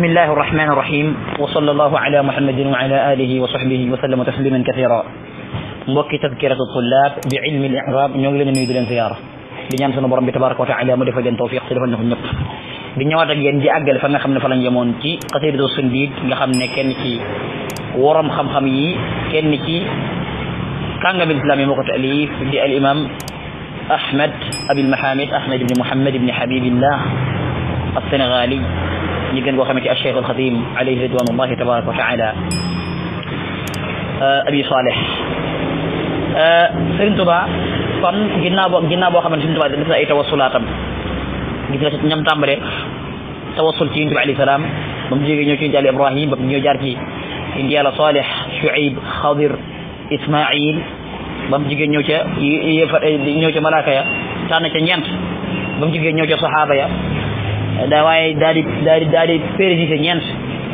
بسم الله الرحمن الرحيم وصلى الله على محمد وعلى آله وصحبه وسلم تسليما كثيرا موكي تذكرة الطلاب بعلم الإعراب نيوغ لنا نيوغ لنا زيارة بنيام سنو برمي تبارك وتعالى مدفع جن توفيق سلفا نخل نقف بنيوات جن دي أقل فانا خمنا فلان يمون كي قصير دو سنديد لخمنا كن كي ورم خم خمي كن كي كان قبل سلامي موقع تأليف دي الإمام أحمد أبي المحامد أحمد بن محمد بن حبيب الله السنغالي ñu gën koo xamante ne Cheikh al Xadim alayhi ridwanullahi tabaraka wa taala abi Saleh Serigne Touba kon ginnaaw boo ginnaaw boo xamante Serigne Touba def na ay tawasulaatam gis nga ñam tàmbale tawasul ci yonent bi alayhi salaam ba mu jógee ñëw ci yonent Ibrahim ba mu ñëw jaar ci yonent Yàlla Saleh Shuaib Xadir Ismail ba mu jógee ñëw ca yéefar ñëw ca malaaka ya tànn ca ñeent ba mu jógee ñëw ca saxaaba ya da waaye daal di daal di daal di pérénité ñeent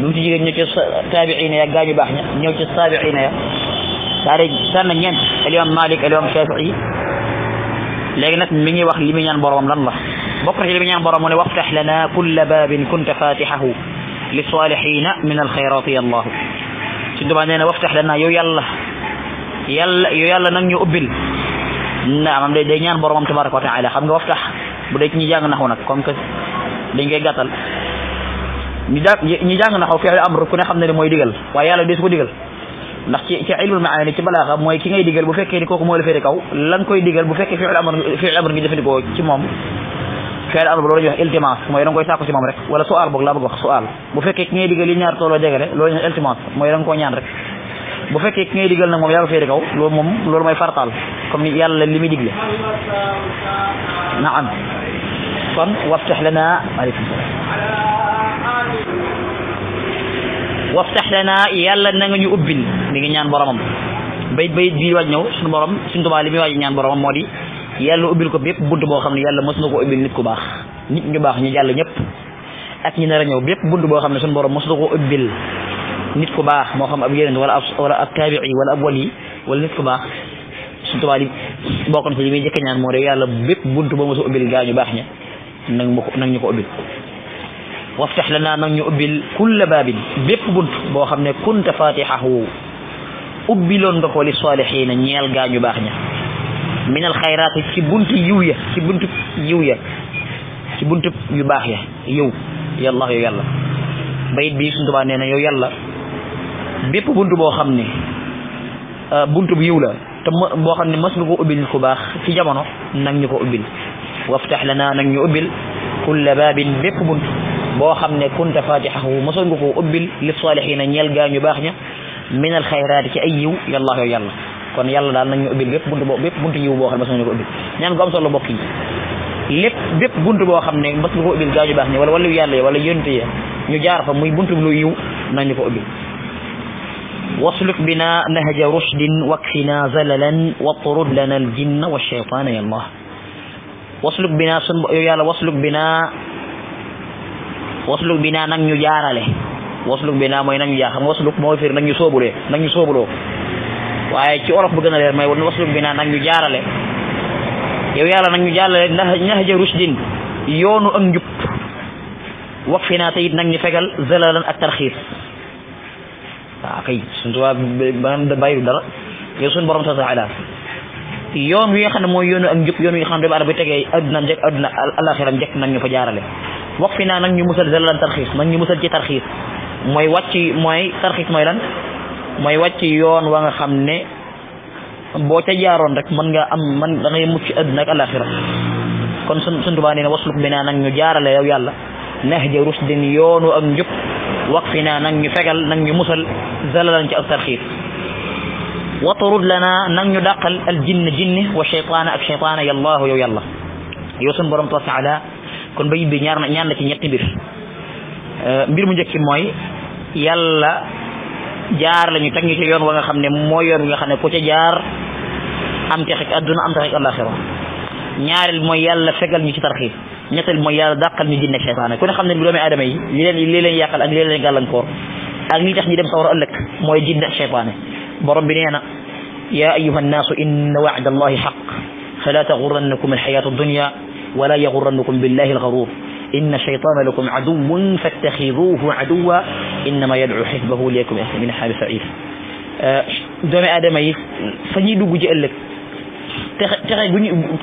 lu mu ci jigéen ñëw ci taabiina ya gaañu baax ña ñëw ci taabiina ya daal di tànn ñeent al imam malik al imam shafii léegi nag mi ngi wax li mu ñaan boromam lan la bokk na ci li mu ñaan borom mu ne waftax lana kulla baabin kunta fatixahu li salihina min alxayraati yallahu suñ tubaab nee na waftax lana yow yàlla yàlla yow yàlla nag ñu ubbil naamam day day ñaan boromam tabaraka wa taala xam nga waftax bu dee ci ñu jàng naxu nag comme que dañ koy gàttal ñu jàng ñu jàng na xaw fi'lu amr ku ne xam ne ne mooy digal waaye yàlla des ko digal ndax ci ci ilmul maani ci balaaxa mooy ki ngay bu fekkee ni kooku moo la féete kaw la nga koy digal bu fekkee jëfandikoo ci moom fi'lu amr loolu la wax iltimas mooy da nga koy sàkku ci moom rek wala su su'aal boog laa bëgg su su'aal bu fekkee ki ngay digal ñaar tooloo jegele loolu ñu iltimas mooy da nga koo ñaan rek bu fekkee ki ngay digal nag moom yaa ko féete kaw loolu moom loolu mooy fartaal comme ni yàlla li muy digle naam عفوا وافتح لنا عليكم السلام waftax lana yàlla na nga ñu ubbil mi ngi ñaan boromam bayit bayit bii waaj ñëw suñu borom suñu tubaa li muy waaj ñaan boromam moo di yàlla ubbil ko bépp bunt boo xam ne yàlla nit ku baax nit ñu baax ñu jàll ñëpp ak ñi nar a ñëw bépp bunt nit ku baax moo xam ab wal wala ab wala ab taabii wala ab wali wala nit ku baax suñu tubaa li bokkoon ci li muy njëkk ñaan moo de yàlla bépp bunt nag nag ñu ko ubbil waftax lana nag ñu ubbil kulla baabin bépp bunt boo xam ne kunta fatixahu ubbiloon nga ko li saalixiina ñeel gaañu baax ña min al ci bunt yiw ya ci bunt yiw ya ci bunt yu baax ya yow yàlla yow yàlla na yow yàlla bépp bunt boo xam ne euh, bunt bu yiw la te boo xam ne mas nga ko ubbil ku baax ci jamono nag ñu ko ubbil وافتح لنا نان يوبل كل باب بكم بو خامني كنت فاتحه مسون غوكو اوبل للصالحين نيل ني باخنا من الخيرات كي ايو يلا يو يلا كون يلا دال نان يوبل بيب بونت بو بيب بونت يو بو خامني مسون غوكو اوبل نان غوم سولو بوكي لب بيب بونت بو خامني مسون غوكو اوبل باخني ولا ولا يالا ولا يونتي ني جار فا موي بونت بلو يو نان نكو اوبل واسلك بنا نهج رشد واكفنا زللا واطرد لنا الجن والشيطان يا الله wasluk binaa sun yàlla wasluk binaa wasluk binaa nag ñu jaarale wasluk binaa mooy nag ñu jaar wasluk mooy firi nag ñu sóobulee nag ñu sóobuloo waaye ci olof bu gën a leer mooy wasluk binaa nag ñu jaarale yow yàlla nag ñu jaarale nahja rushdin yoonu ak njub wax fi naa te ñu fegal zalalan ak tarxiis waaw kay suñ tubaab maanaam da suñ borom yoon wi nga xam ne mooy yoonu ak njub yoon wi xam ne arab bi tegee adduna njëkk adduna alaxiram njëkk nag ñu fa jaarale wax fi naa nag ñu musal zalalan tarxiis nag ñu musal ci tarxiis mooy wàcc mooy tarxiis mooy lan mooy wàcc yoon wa xam ne boo ca jaaroon rek mën nga am man da ngay mucc adduna ak alaxira kon sun sun tubaa nee na wasluk bi naa nag ñu jaarale yow yàlla nahja rusdin yoonu ak njub waqfi na nag ñu fegal nag ñu musal zalalan ci tarxiis وطرد لنا نن يدقل الجن جنه وشيطان الشيطان شيطان يا الله يا الله يوسن برم توسع على كن بي بي نيار نيان نتي نيتي بير أه، بير مو نجي موي يالا جار لا ني تك نيو يون وغا خامني مو يون وغا خامني كو جار ام تي خك ادنا ام تي الاخره نيارل مو يالا فغال ني سي ترخيص نيتل مو يالا داقل ني جن شيطان كون خامني بلو مي ادمي لي لين لي لين ياقال اك لي لين غالانكور اك ني تخ ني دم تاور الك برب نعنا يا أيها الناس إن وعد الله حق فلا تغرنكم الحياة الدنيا ولا يغرنكم بالله الغرور إن شيطان لكم عدو فاتخذوه عدوا إنما يدعو حزبه ليكم أهل من حال سعيف آه، دون آدم أيه سيد بجي ألك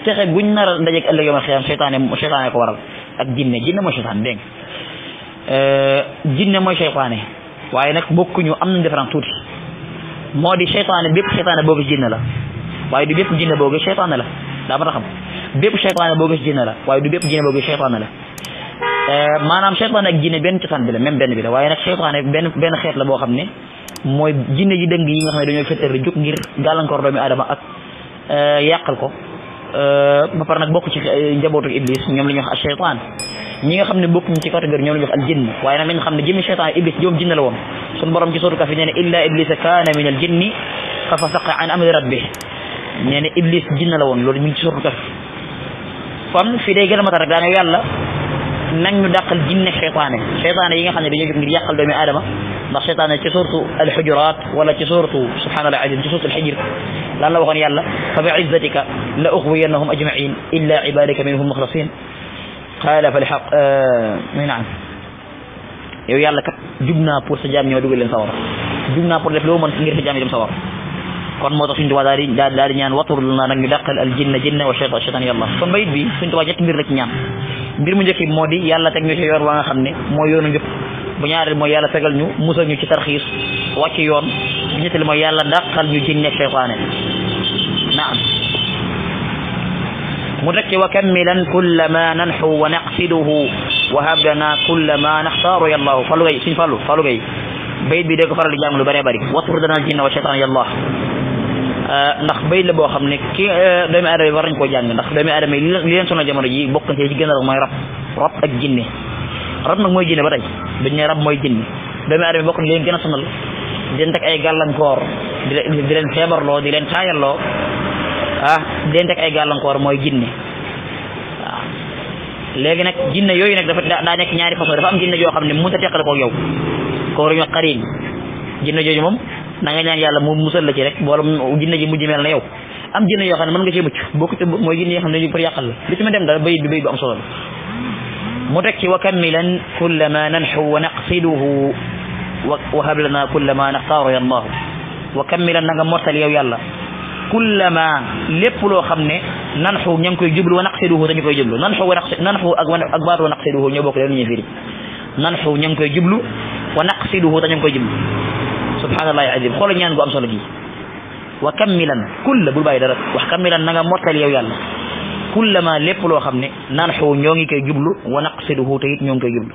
تخي بني نار شيطان شيطان كوار الجنة جنة دين جنة ما آه، شيطانه وعينك بكون يوم أمن دفران modi di bepp shaytan cheytaane boo gis jinne la waye du bepp jinna boo gis la da ma xam bepp shaytan boo gis jinne la waye du bepp jinna boo gis cheytaane la eh, manam shaytan ak jinne ci cosaan bi la même ben bi la waaye ben cheytaane ben ben xet la bo xam moy jinne yi dëng yi nga xam ne dañoo féetéer ngir gàllankoor doomi adama ak eh, yakal ko eh, ba par nak bokku ci njabotu iblis ñom lañu wax ak ñi nga xam bokku ci catégorie ñom lañu wax al jinn waye nak nañ xam ne shaytan iblis joom la woon sun borom ci suru kafi nee illa iblis kana min al jinni fa fasaqa an amri rabbih nee na iblis jinna la won loolu mi ci suru kafi fam fi day gëna mata rek da na yàlla nag ñu dakal jinne shaytané shaytané yi nga xamne dañu ngir yakal doomi adama ndax shaytané ci suratu hujurat wala ci suratu subhanallah azim ci suratu al hijr la la waxon yàlla fa bi izzatika la uxwiyannahum ajmain illa ibadika minhum mukhlasin قال فالحق آه... نعم yow yàlla kat jub naa pour sa jaam ñoo dugal leen sawar jub naa pour def loo mën ngir sa jaam yi dem sawar kon moo tax suñ tubaa daal di daal di ñaan watur na nag ñu dàqal al jinna jinna wa cheytan cheytan yàlla kon bayit bi suñ mu njëkk bi di yàlla teg ñu ci yoon waa nga xam ne mooy yoonu njëpp bu ñaareel mooy yàlla fegal ñu musal ñu ci tarxiis wàcc yoon bu ñetteel mooy yàlla dàqal ñu jinne cheytaane naam مدرك وكملا كل ما ننحو ونقصده وهب لنا كل ما نختار يا الله فالو جاي سين فالو فالو جاي بيت بيدك de ko جامل بري بري bari bari watur dana jinna wa ndax bay la bo xamne ki doomi aadama yi war nañ ko jàng ndax doomi aadama yi li len sonu jamono yi bokk ci ci gënal moy rab rab ak jinne rab nak moy jinne ba tay dañ ne rab moy jinne doomi aadama yi bokk li len gëna sonal di len tak ay galan koor di len febar lo di len tayal lo den ah, di leen teg ay gàllankoor mooy jinne waaw léegi nag jinne yooyu nag dafa daa ñaari foo dafa am jinne yoo xam ne mënut a teqale yow ko ruñu xarin jinne jooju moom na nga ñaan yàlla mu musal la ci rek wala jinne ji mujj mel na yow am jinne yoo xam ne mën nga cee mucc bokku mooy jinne yoo xam ne dañu pour yàqal la li ma dem daal bayit bi bayit bu am mu teg ci wa kammilan kullama nanxu wa naqsiduhu wa hab lana kullama naxtaaru ya allahu wa kammilan na nga mortal yow yàlla kullama lepp lo xamne ne ñang jiblu koy jublu wa naqsiduhu dañu koy jublu nan xu wa naqsi nan ak baaru wa naqsiduhu ñoo bokk leen ñi firi nan ñang koy jublu wa naqsiduhu dañu koy jublu subhanallahi azim xol ñaan gu am solo gi wa kammilan kull bu bàyyi dara wax kammilan nga motal yow yalla kullama lepp lo xamne ne ñoo ngi koy jublu wa naqsiduhu te it ñoo ngi koy jublu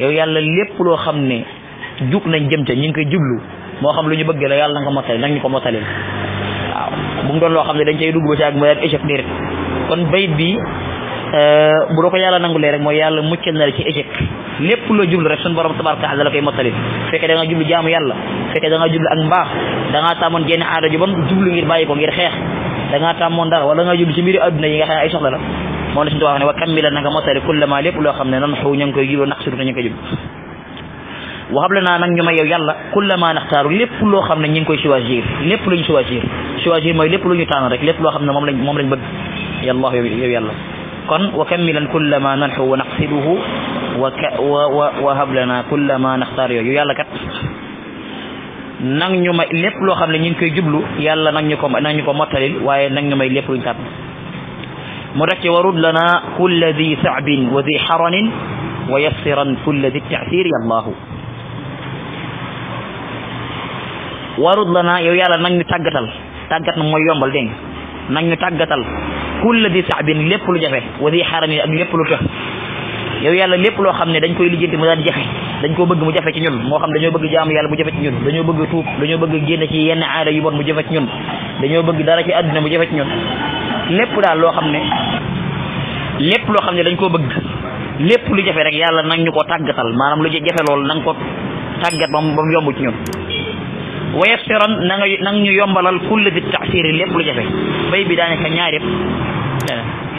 yow yalla lepp lo xamne juk nañ jëm ca ñu ngi koy jublu mo xam lu bëgg la yalla nga ko mottali ko motalé waaw bu mu doon loo xam ne dañ cay dugg ba ci ak ma ak échec dérit kon bayit bi euh, bu do ko yàlla nangulee rek mooy yàlla muccal na ci échec lépp lo jublu rek sun borom tabaraka taala la koy mottali fekkee da nga jublu jaamu yàlla fekkee da nga jublu ak mbaax da nga tamon jenn aada ju bon jublu ngir bàyyi ko ngir xeex da nga tamon dara wala nga jublu ci mbiri aduna yi nga xam ay soxla la moo ne sun tubaab ne wa kammila na nga mottali kullama lépp loo xam ne nan xaw ña ngi koy jublu nax sudu nañu koy jublu wa la naa nag yow yalla kullama naxtaaru lepp lo xamne ñing koy choisir lepp lu choisir choisir mooy lépp lu ñu tànn rek lépp loo xam ne moom lañ moom lañ bëgg yàlla yow yàlla kon wa kammilan kulla ma nanxu wa naqsiduhu wa wa wa hab lana kulla ma naxtaar yooyu yàlla kat nang ñu may lépp loo xam ne ñu ngi koy jublu yàlla nang ñu ko nang ñu ko mottalil waaye nang ñu may lépp luñ tànn mu teg ci warud lana kulla di saabin wa di xaranin wa yassiran kulla di taasir yallaahu warud lana yow yàlla nang ñu tàggatal tàggat nag mooy yombal dégg nag ñu tàggatal kulla di saabin lépp lu jafe wa di xaram yi ak lépp lu tëx yow yàlla lépp loo xam ne dañ koy lijjanti mu daal jafe dañ koo bëgg mu jafe ci ñun moo xam dañoo bëgg jaamu yàlla mu jafe ci ñun dañoo bëgg tuub dañoo bëgg génn ci yenn aada yu bon mu dañoo bëgg dara ci àdduna mu jafe ci ñun lépp daal loo xam ne lépp loo xam ne dañ koo bëgg lépp lu jafe rek yàlla nag ñu ko tàggatal maanaam lu jafe loolu nang ko tàggat ba mu yomb ci ñun ويسرن نغ نيو يومبالال كل دي تاثير ليپ لو جافي باي بي دانيكا نياريب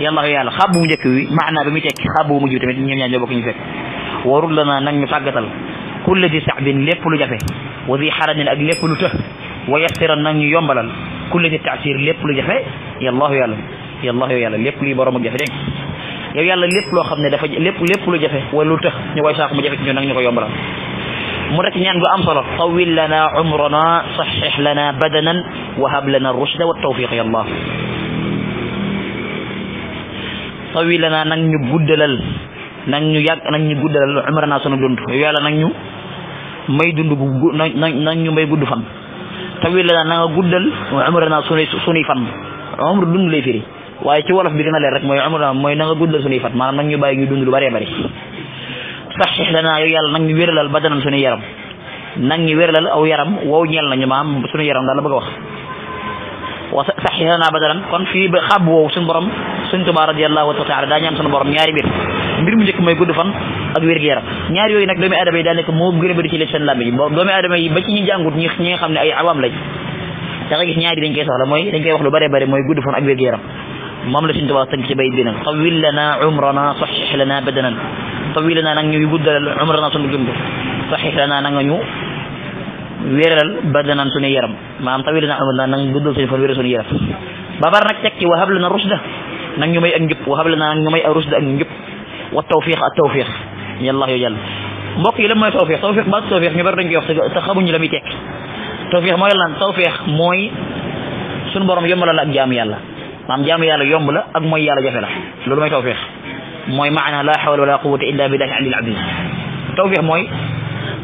يا الله يا الله خابو نيك وي معنا بامي تيك خابو مو جيو تامي نيم نيا نيو بوكي ورد لنا نغ ني تاغاتال كل دي صعب ليپ لو جافي وذي حرج اك ليپ لو تخ ويسرن نغ نيو يومبالال كل دي تاثير ليپ لو جافي يا الله يا الله يا الله يا الله ليپ لي بروم جافي ديك يا الله ليپ لو خامني دا فا ليپ ليپ لو جافي ولو تخ ني واي ساخ مو جافي نيو نغ نيو يومبالال mu rek ñaan gu am solo tawil lana umrana saxix lana badanan wahab lana rushda wa tawfiq ya allah tawil lana nag ñu guddalal nag ñu yàgg nag ñu guddalal umrana sunu dund yàlla nag ñu may dund bu nag ñu may gudd fan tawil lana na nga guddal umrana sunu sunuy fan umr dund lay firi waaye ci wolof bi gën a leer rek mooy umrana mooy na nga guddal sunuy fan maanaam nag ñu bàyyi ñu dund lu bëree bëri saxix lanaa yow yàlla nag ñu wéralal badanan suñu yaram nag ñu wéralal aw yaram wow ñeel nañu maam yaram daal la bëgg a wax wa saxix lanaa badanan kon fii ba xab woow suñu borom suñ tubaa radiallahu taala daa ñaan suñu borom ñaari mbir mbir mu yaram ñaar yooyu doomi aadama yi moo gën a bëri ci leen seen làmb ji doomi yi xam ne ay awam lañ da nga gis ñaari dañ koy soxla mooy dañ koy wax lu bare bare mooy gudd fan ak wér yaram moom la suñu Tuubaa tënk ci bayit bi nag tawil lana umrana saxix lana badanan tawil lana nag ñuy guddalal umrana sunu dund saxix lana nanga ñu wéeralal badanan suñu yaram maanaam tawil lana umrana nang guddal suñu fan wéeral suñu yaram babar nag teg ci wahab lana rusda nag ñu may ak njëpp wahab lana nag ñu may ak rusda ak njëpp wa tawfiq ak tawfiq yàlla yoo yàlla mbokk yi lan mooy tawfiq tawfiq ba tawfiq ñu bari dañ koy wax te xamuñu la muy tekki tawfiq mooy lan tawfiq mooy suñu borom yombalal ak jaam yàlla maam jaamu yàlla yomb la ak moy yàlla jafe la loolu mooy tawfiix mooy maana la hawla wala quwwata illa billahi al-ali alil azim tawfiq moy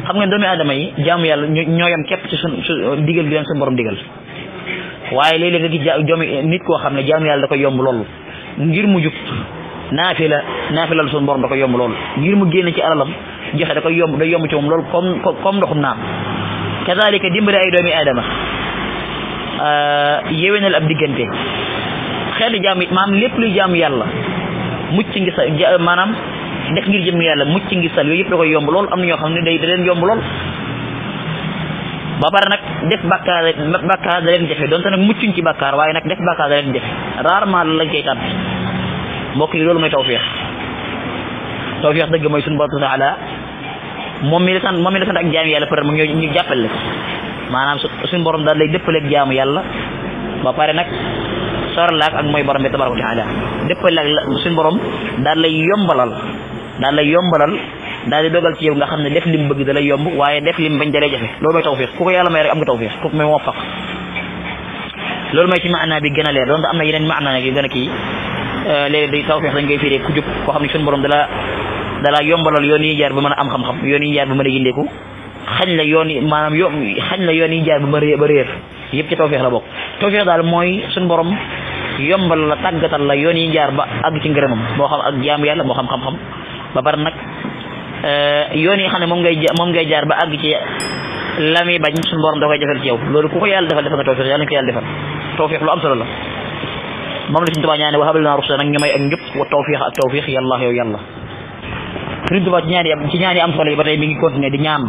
xam nga doomi adamay yi jaamu yàlla ñoyam kep ci sun digël bi len sun borom digël waye leeg nga gi joomi nit ko xamne ne jaamu yàlla da ko yomb lolu ngir mu juk nafila nafila sun borom da ko yomb lolu ngir mu génn ci alalam joxe da ko yomb da yomb ci mom lolu comme comme ndoxum naan kadalika dimbali ay doomi aadama yéwénal ab diggante xeetu jaam it maanaam lépp luy jaam yàlla mucc ngi sa maanaam def ngir jëm yàlla mucc ngi sa yooyu yëpp da koy yomb lool am na ñoo xam ne day da leen yomb lool ba pare nag def bàkkaar bàkkaar da leen jafe donte nag muccuñ ci bàkkaar waaye nag def bàkkaar da leen jafe rarement lañ koy tàbbi mbokk yi loolu mooy tawfeex tawfeex dëgg mooy suñu borom taala moom mi la sant moom mi la sant ak jaamu yàlla pare mu ñoo ñu jàppale la ci maanaam suñu borom daal lay dëppaleeg jaamu yàlla ba pare nag sor laak ak mooy borom bi tabaraka wa taala dëppal laak suñ borom daal lay yombalal daal lay yombalal daal ci yow nga xam ne def lim bëgg da lay yomb waaye def lim bañ da lay jafe loolu mooy tawfiq ku ko yàlla may rek am bi gën a leer am na yeneen maanaa nag yu gën a kii euh, léegi di dañ koy firee ku jub koo xam ne suñ borom dala dala yombalal yoon yi jaar ba ma a am xam-xam yoon yi jaar ba mën a yindeeku xañ la yoon yi maanaam yo xañ la yoon yi jaar ba ba réer yëpp ci tawfiq la bokk tawfiq daal mooy suñ borom yombal la tàggatal la yoon yi jaar ba àgg ci ngërëmam moo xam ak jaamu yàlla moo xam xam-xam ba pare nag euh, yoon yi xam ne moom ngay moom ngay jaar ba àgg ci la muy bañ suñu borom da koy defal ci yow loolu ku ko yàlla defal defal nga tawfiq yàlla nga ko yàlla defal tawfiq lu am solo la moom la suñu Tuubaa ñaane wa hablana rusula nag ñu may ak njub wa tawfiq ak tawfiq yàlla yow yàlla suñu Tuubaa ci ñaan yi ci ñaan yi am solo yi ba tey mi ngi continuer di ñaan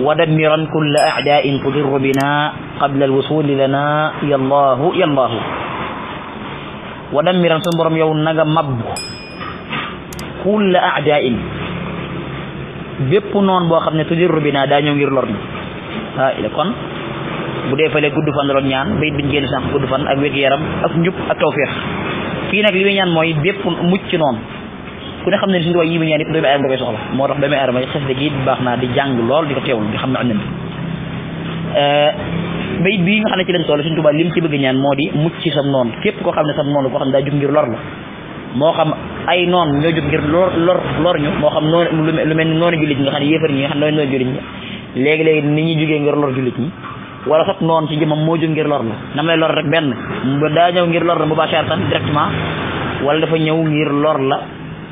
wa dammiran kulla a'daa'in tudirru bina qabla alwusuli lana yallahu yallahu dam dammiran sunu borom yow naga nga mabbu kulla a'daa'in bépp noon boo xam ne tudirru robina daa ñëw ngir lor ni ah il kon bu dee fële gudd fan la doon ñaan bayit biñ génn sànq gudd fan ak wér yaram ak njub ak tawfiq fii nag li muy ñaan mooy bépp mucc noonu ku ne xam ne ni suñu tubaab yi muy ñaan yëpp doomi aadama da koy soxla moo tax doomi aadama xes de gi baax naa di jàng lool di ko teewul di xam ne am nañ bayit bi nga xam ne ci lañ toll Sëriñ Tuubaa lim ci bëgg ñaan moo di mucc ci sam noon képp koo xam ne sam noonu koo xam ne daa jug ngir lor la moo xam ay noon ñoo jug ngir lor lor lor ñu moo xam noonu lu mel ni noonu jullit ñi nga xam ne yéefar ñi nga xam ne ni ñuy jugee ngir lor jullit ñi wala sax noonu ci jëmam moo jug ngir lor la nam lay lor rek benn daa ñëw ngir lor la mubasharatan directement wala dafa ñëw ngir lor la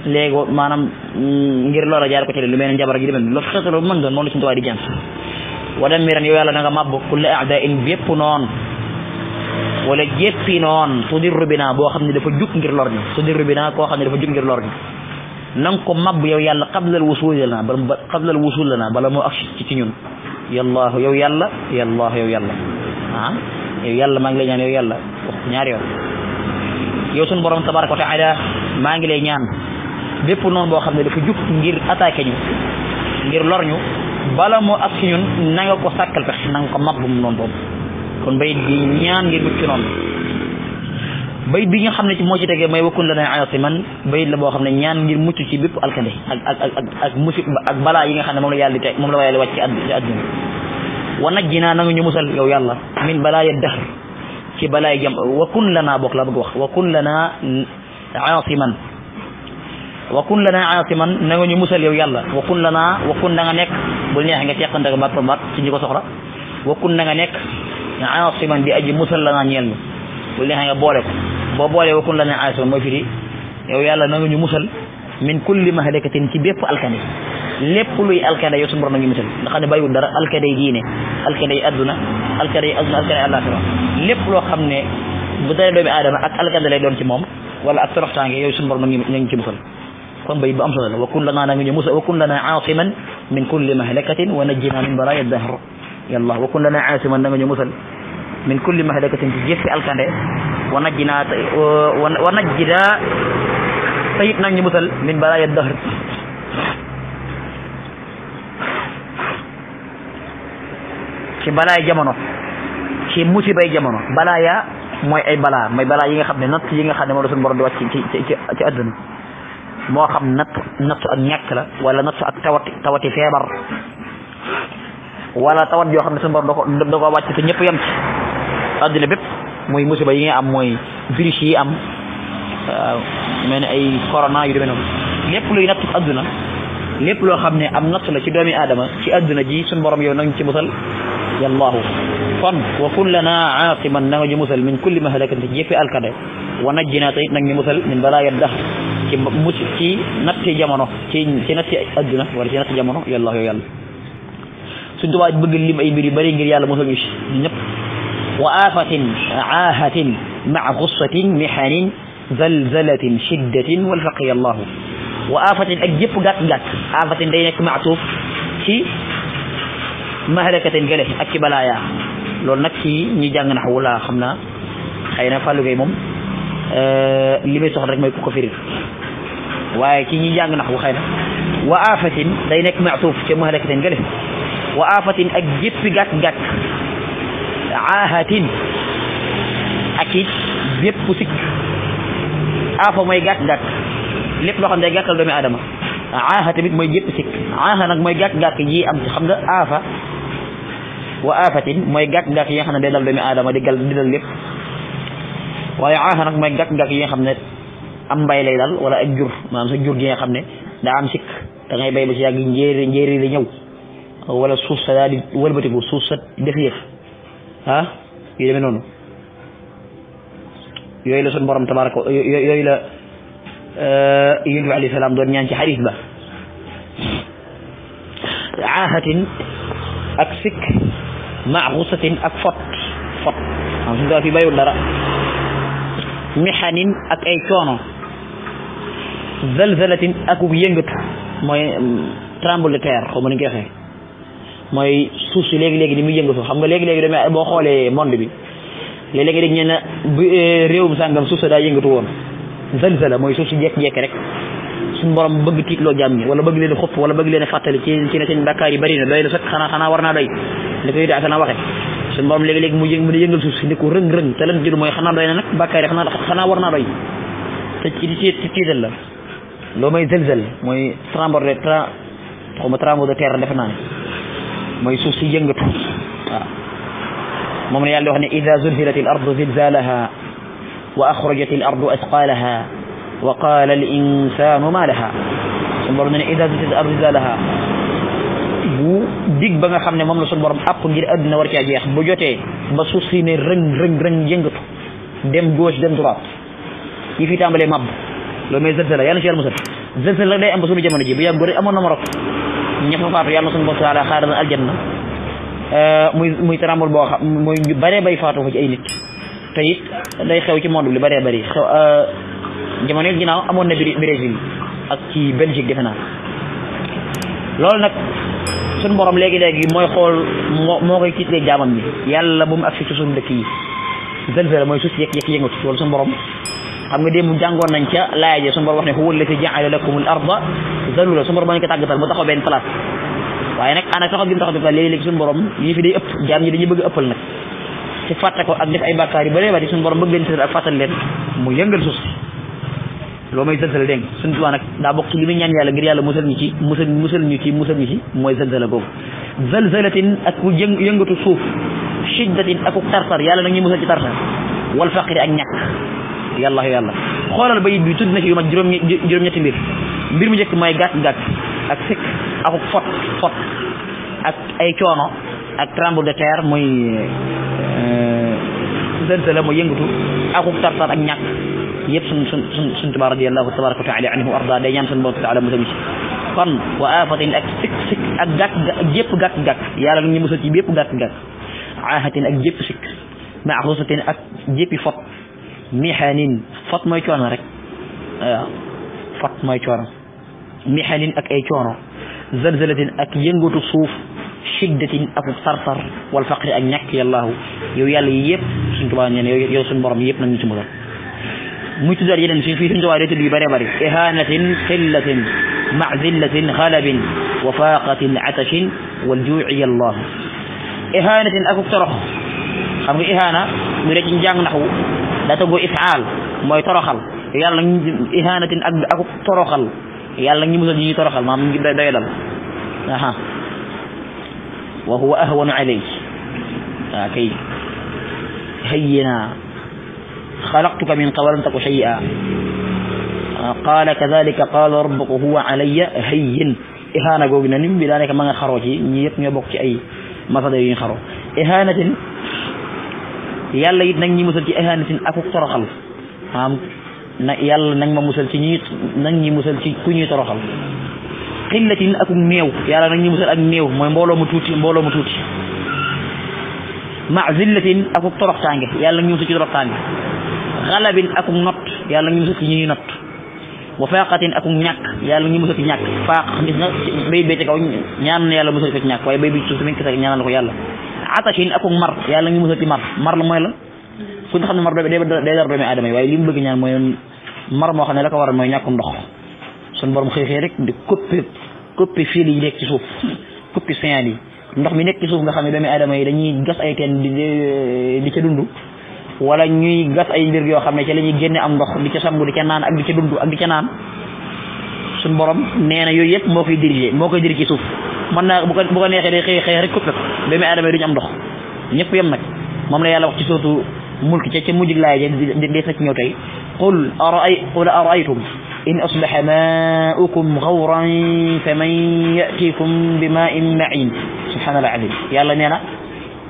léegi maanaam mm, ngir lor la jaar ko ci lu mel ni njabar gi demee loolu xeetu loolu mën doon moom la Sëriñ Tuubaa di jàng wa dammiran yow yàlla na nga mabbu kulla a'daa'in bépp noon wala jéppi noon tudirru bi naa boo xam ne dafa jug ngir lor ñu tudirru bi naa koo xam ne dafa jug ngir lor ñu na nga ko mabbu yow yàlla qablal wusul la naa ba qablal wusul la naa bala moo ak ci ci ñun yallaahu yow yàlla yallaahu yow yàlla ah yow yàlla maa ngi lay ñaan yow yàlla wax ñaari yoon yow sunu borom tabaraka wa taala maa ngi lay ñaan bépp noonu boo xam ne dafa jug ngir attaqué ñu ngir lor ñu bala moo ak si ñun na ko sàkkal pexe na nga ko mab bu mu noonu boobu kon bayit bi ñaan ngir mucc ci bayit bi nga xam ne ci moo ci tegee may wakkun la na asiman bayit la xam ne ñaan ngir mucc ci bépp alkande ak ak ak ak ak balaa yi nga xam ne moom la yàlla di teg moom la yàlla wàcc ci àdduna wa najjinaa na nga ñu musal yow yàlla min balaa ya dahr ci balaa yi jam wa kun lanaa bokk la bëgg wax wa kun lanaa asiman wa kun lanaa aasiman na nga ñu musal yow yàlla wa lanaa wa kun na nga nekk bul neex nga teqante baat baat ci ñi ko soxla wa kun na nga nekk di aji musal lanaa ñeel ñu bul boole ko boo boolee wa kun lanaa aasiman mooy firi yow yàlla na nga ñu musal min kulli mahlakatin ci bépp alkande lépp luy alkande yow suñu borom na ñu musal nga xam ne bàyyiwul dara alkande yi diine alkande yi adduna alkande yi adduna alkande lépp loo xam ne bu dalee doomi aadama ak alkande lay ci moom wala ak toroxtaange yow suñu borom na ñu ci musal kon bayit ba am solo la wa kun lanaa na nga ñu musa wa kun lanaa aasiman min kulli mahlakatin wa najjina min balaaya dahr yàlla wa kun lanaa aasiman na nga ñu musal min kulli mahlakatin ci jëf fi alkande wa najjina wa najjina tayit nag ñu musal min balaaya dahr ci balaay jamono ci musibay jamono balaaya mooy ay balaa mooy balaa yi nga xam ne natt yi nga xam ne moom la suñu borom di wàcc ci ci ci àdduna moo xam natt nattu ak ñàkk la wala nattu ak tawati tawati feebar wala tawat yoo xam ne suñu borom da ko da ko wàcc te ñëpp yem ci àddina bépp muy musiba yi nga am mooy virus yi am mel ni ay corona yu demee noonu lépp luy nattu àdduna lépp lo xamne am nax la ci doomi adama ci aduna ji suñ borom yow nag ci musal yallaahu kon wa kullana aatiman aqiman ji musal min kulli mahalakatin ci yëppi alkade wa najina tayit nag ni musal min balaa yaddax ci mucc ci natti jamono ci ci natti aduna wala ci natti jamono yallaahu yow yàlla suñ tubaa bëgg lim ay mbir yu bëri ngir yàlla musal ñu ci ñep wa afatin aahatin maa xussatin mihanin zalzalatin shiddatin walfaqiya allahu wa afatin ak jëpp gàtt-gàtt afatin day nekk maatuuf ci mahalakatin gële ak ci balaaya loolu nag ci ñi jàng nax wala xam naa xëy na Fallou Gueye moom euh, li muy soxla rek mooy ku ko firir waaye ci ñi jàng nax wu xëy na wa afatin day nekk maatuuf ci mahalakatin gële wa afatin ak jëppi gàtt-gàtt aahatin ak it bépp sikk aafa mooy gàtt-gàtt lépp loo xam ne gàkkal doomi aadama aaxa tamit mooy gépp sikk aaxa mooy gàkk-gàkk ji am xam nga aafa wa aafatin mooy gàkk-gàkk yi xam ne day dal doomi aadama di gal di dal lépp waaye aaxa mooy gàkk-gàkk yi nga xam ne am mbay lay dal wala ak jur maanaam jur gi nga xam ne daa am sikk da ngay bay ba si yàgg njéeri njéeri di ñëw wala suuf sa daal di wëlbatiku suuf sa def yëf ah, yooyu la sun borom tabaraka yooyu la Eh, yonent bi alayhi salaam doon ñaan ci xadis ba aaxatin ak sikk maxusatin ak fot fot xam suñu fi bayul dara mixanin ak ay coono zalzalatin ak yëngatu mooy mm, tremble de terre xaw ma ni ñu koy waxee mooy suuf si léegi-léegi ni muy yëngatu xam nga léegi-léegi damay boo xoolee monde bi léeg-léegi dégg ñeen eh, réewum sàngam suuf sa daa yëngatu woon زلزال موي سوس جيك جيك رك سون بروم بوب تيك لو جامي ولا بوب لين خوف ولا بوب لين فاتالي تي تي نتي بكاري بارينا داي لا سك خنا خنا ورنا داي لا كاي داي خنا واخي سون بروم ليغ ليغ مو ييغ مو ييغل سوس نيكو رن رن تلن جيرو موي خنا داي نك بكاري خنا خنا ورنا داي تي تي تي تي دال لا لو ماي زلزال موي ترامبر لي ترا كوم ترامبر دو تير ديفنا موي سوس ييغتو مومن يالله وخني اذا زلزلت الارض زلزالها وأخرجت الأرض أثقالها وقال الإنسان ما لها suñ borom ne ida zutit ardu zalaha bu dig ba nga xam ne moom la suñ borom àpp ngir àdduna war caa jeex bu jotee ba suuf si ne rëng rëng rëng yëngatu dem gauche dem droite yi fi tàmbalee mab loolu mooy zëlzala yàlla na ci yàlla musal zëlzala la day am ba suñu jamono ji bu yàgg amoon na Maroc ña fa faatu yàlla na suñu bopp taala xaaral aljanna muy muy tremblement boo xam muy ñu bare bay faatu fa ci ay nit te it day xew ci monde bi lu bëree bëri xew euh, jamono yi ginnaaw amoon na Brésil ak ci Belgique defe naa loolu nag suñ borom léegi-léegi mooy xool moo moo koy tiitlee jaamam bi yàlla bu mu agsi ci suñu dëkk yi zelzala mooy suuf yëkk yëkk yëngatu loolu suñu borom xam nga démb jàngoon nañ ca laaya ji suñu borom wax ne huwa allati ja'ala lakum al arda zalula suñu borom moo ñu ko tàggatal mu taxaw benn place waaye nag ànd ak taxaw gi mu taxaw benn place léegi-léegi suñu borom yi fi day ëpp jaam ñi dañuy bëgg ëppal nag ci fàtte ko ak def ay bàkkaar yu bëree bari suñu borom bëgg leen tëral ak fàttal leen mu yëngal suuf si loo may zëlzala dégg nga suñu nag daa bokk ci muy ñaan yàlla ngir yàlla musal ñu ci musal musal ñu ci musal ñu ci mooy zëlzala googu zalzalatin ak yëngatu suuf shiddatin ak tartar yàlla nag ñuy musal ci tartar wal faqri ak ñàkk yàlla yàlla xoolal bayit bi tudd na ci yu mat juróom juróom-ñetti mbir mbir mu njëkk mooy gàtt gàtt ak sikk ak fot fot ak ay coono ak tremble de terre muy zalzala yengutu ak ak tartar ak ñak yëpp sun sun sun tabar di radiallahu tabaraka taala anhu arda day ñam sun borom taala mu demi kon wa afatin ak sik sik ak gak jépp gak gak yàlla lu ñu musal ci bépp gak gak ahatin ak jépp sik maxrusatin ak jéppi fot mihanin fot moy coono rek fot moy coono mihanin ak ay coono zalzalatin ak yengutu suuf شدة أبو الصرصر والفقر أن يكفي الله يويل يب سنتبان يعني يوصل برم يب من سمرة متدر يلن في في سنتبان يتد بري بري إهانة خلة معذلة غلب وفاقة عتش والجوع الله إهانة أبو الصرخ أبو إهانة مرج جان نحو لا تبو إفعال ما يترخل يلا إهانة أبو الصرخل يلا نجيب نجيب ترخل ما نجيب دايلا أها وهو أهون عليه أكي هينا خلقتك من قبل أن تكون شيئا قال كذلك قال ربك هو علي هين إهانة قوقنا نم بلانك من خروجي نيب نيبوك أي ما صدر ينخرو إهانة يالا يد نجي مسلتي إهانة أكو خلف هام يالا نجم مسلتي نجي مسلتي كوني ترخل xillatin akuk um néew yàlla nag ñu musal ak néew mooy mbooloo mu tuuti mbooloomu mu tuuti ma zillatin akuk um toroxtaange yàlla nag ñu musal ci um yàlla nag ñu musal ci ñuy not wa faaqatin akuk ñàkk yàlla ñu musal ci ñàkk faaq gis nga bay bee ci kaw ñaan na yàlla musal ko ci ñàkk waaye bay bi ci suuf tamit ko yàlla atashin akuk mar yàlla nag ñu musal ci mar mar la mooy la ku nga xam ne mar day day dar doomi aadama yi waaye li mu bëgg ñaan mooy mar moo xam ne la ko waral mooy ñàkkum ndox suñu borom xëy xëy rek di coppe coppe fil yi nekk ci suuf coppe siyaan yi ndox mi nekk ci suuf nga xam ne doomi aadama yi dañuy gas ay teen di di ca dund wala ñuy gas ay mbir yoo xam ne ca la génne am ndox di ca sangu di ca naan ak di ca dund ak di ca naan suñu borom nee na yooyu yëpp moo koy dirigé moo koy dirigé ci suuf mën naa bu ko bu ko neexee day xëy xëy rek coppe ko doomi aadama yi duñu am ndox ñëpp yem nag moom la yàlla wax ci ملك تي مود الله دي فك نيو تاي قل ارئ قل ارئيتم ان اصبح ماؤكم غورا فمن ياتيكم بماء معين سبحان الله العظيم يلا نينا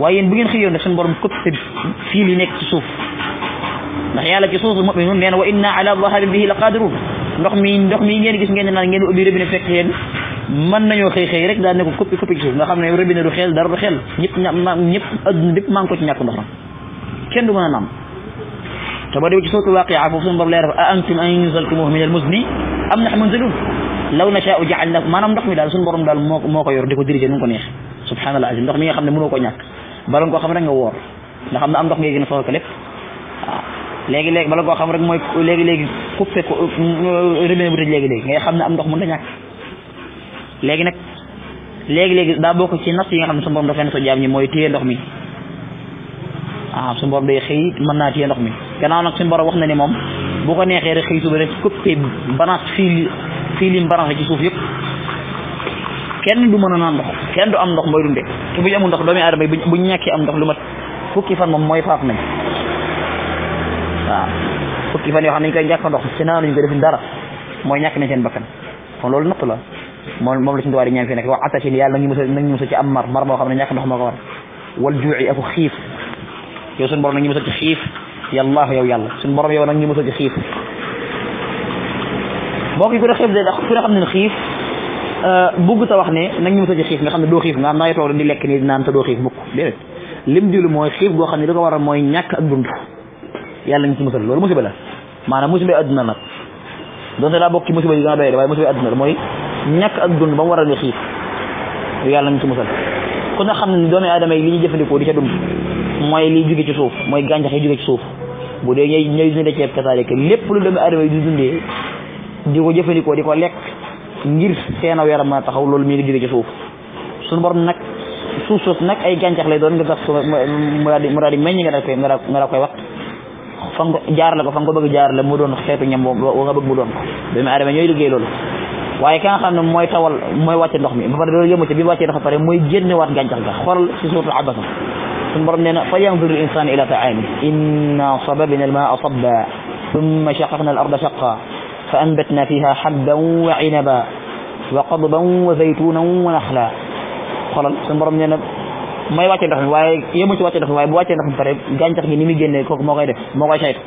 وين بغين خيو نك سن بوروم كوب في لي نيك سي سوف نخ يالا سي سوف المؤمنون نينا وانا على الله به لقادرون ndox mi ndox mi ngeen gis ngeen naan ngeen ubi rebina fek yeen man nañu xey xey rek da ne ko copy copy gis nga xamne rebina du xel dara du xel ñepp ñepp aduna bepp man ko ci ñak ndox kenn du mën a nam te boo demee ci sootu waaqia foofu suñu borom lay def a antum anzaltumuhu min al-muzni am nahnu munzilun law nashaa'u ja'alna maanaam ndox mi daal suñu borom daal moo moo ko yor di ko diriger nu mu ko neex subhaanallah azim ndox mi nga xam ne mënoo ko ñàkk bala nga koo xam rek nga woor ndax am na am ndox ngay a soxla ko lépp léegi léegi bala nga koo xam rek mooy léegi léegi coupé ko euh, robinet bu léegi léegi xam ne am ndox mën ta ñàkk léegi nag léegi léegi daa bokk ci nas yi nga xam ne suñu borom daf leen so jaam ñi mooy téye ndox mi ah suñu borom day xëy mën naa téye ndox mi gannaaw nag suñu borom wax na ne moom bu ko neexee rek xëy suba rek coppe balance fii fii lim balance ci suuf yëpp kenn du mën a naan ndox kenn du am ndox mooy dunde te bu ñu amul ndox doomi aadama yi bu ñu ñàkkee am ndox lu mat fukki fan moom mooy faaf nañ waaw fukki fan yoo xam ne ñu koy ñàkk ndox ci naanuñ ko defuñ dara mooy ñàkk nañ seen bakkan kon loolu natt la moom moom la suñu tubaab di ñaan fi nekk wax attaché ni yàlla nag ñu mos a nag ñu mos a ci am mar mar moo xam ne ñàkk ndox moo ko war wal juuci ak xiif yow sun borom nag ñu musal ci xiif yàllaahu yow yàlla sun borom yow nag ñu musal ci xiif mbokk ko ku ne xiif de ku ne xam ne xiif bugg ta wax ne nag ñu musal ci xiif nga xamne do doo xiif nga am naa di lek ni nan ta do xiif mukk déedéet lim dilu moy xiif go xamne ne li ko waral mooy ñàkk ak dund yàlla ñu ci musal lolu musibe la manam musibe aduna nak donte daa bokk ci musiba yi nga bayé way musibe aduna moy ñak ak dund ba mu ni xiif yàlla ñu ci musal ku na xamne ne doomi aadama yi li ñu jëfëndiko di ca dund mooy liy jóge ci suuf mooy gàncax yi jóge ci suuf bu dee ñooy ñooy dunde ceeb kasaalika lépp lu doomi aadama yi di dundee di ko jëfandikoo di ko lekk ngir seen a yaram mën a taxaw loolu mi ngi jóge ci suuf nag suuf suuf nag ay gàncax lay doon nga tax mu daal di mu daal di meññ nga daal koy nga daal koy wax fa nga jaar la ko fa nga bëgg jaar la mu doon xeetu ñam wa nga bëgg mu doon ko doomi aadama ñooy liggéey loolu waaye ka nga xam ne mooy tawal mooy wàcce ndox mi ba pare loolu yëmu ci bi wàccee ndox pare mooy génnewaat gàncax ga xoolal sun bar mena falyanzur al-insanu ila ta'ami inna sababna al-ma'a sabba ثم شققنا الأرض شقا فأنبتنا فيها حبا وعنبا وقضبا وزيتونا ونخلا xolal suñu borom nee na may wàcce ndox mi waaye yëmu ci wàcce ndox mi waaye bu wàccee ndox mi pare gàncax gi ni muy génnee kooku moo koy def moo koy saytu